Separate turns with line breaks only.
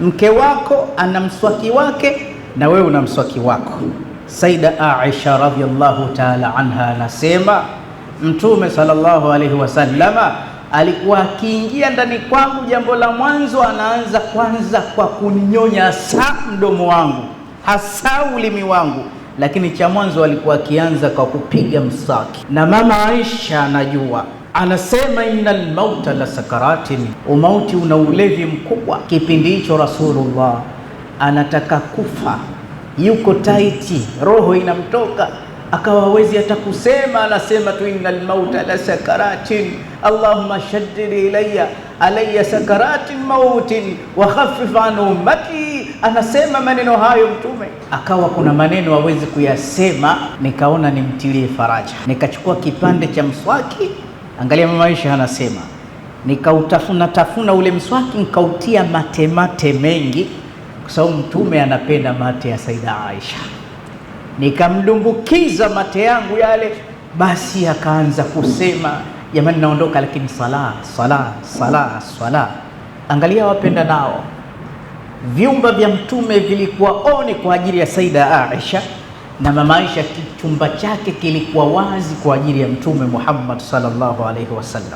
mke wako ana mswaki wake na wewe una mswaki wako. Saida Aisha radhiallahu taala anha anasema Mtume sallallahu alaihi wasallama alikuwa akiingia ndani kwangu, jambo la mwanzo anaanza kwanza kwa kuninyonya hasa mdomo wangu, hasa ulimi wangu, lakini cha mwanzo alikuwa akianza kwa kupiga mswaki, na mama Aisha anajua anasema innal lmauta la sakaratin, umauti una ulevi mkubwa. Kipindi hicho Rasulullah anataka kufa, yuko taiti, roho inamtoka akawa hawezi hata kusema, anasema tu inna lmauta la sakaratin allahumma shaddid ilayya alayya sakaratin mautin wa khaffif an ummati. Anasema maneno hayo Mtume, akawa kuna maneno hawezi kuyasema. Nikaona nimtilie faraja, nikachukua kipande cha mswaki Angalia Mama Aisha anasema nikautafuna tafuna ule mswaki nikautia matemate mengi, kwa sababu Mtume anapenda mate ya Saida Aisha, nikamdumbukiza mate yangu yale, basi akaanza kusema jamani, naondoka, lakini sala sala sala sala. Angalia wapenda nao, vyumba vya Mtume vilikuwa oni kwa ajili ya Saida Aisha na mama Aisha chumba chake kilikuwa wazi kwa ajili ya Mtume Muhammad sallallahu alaihi wasallam.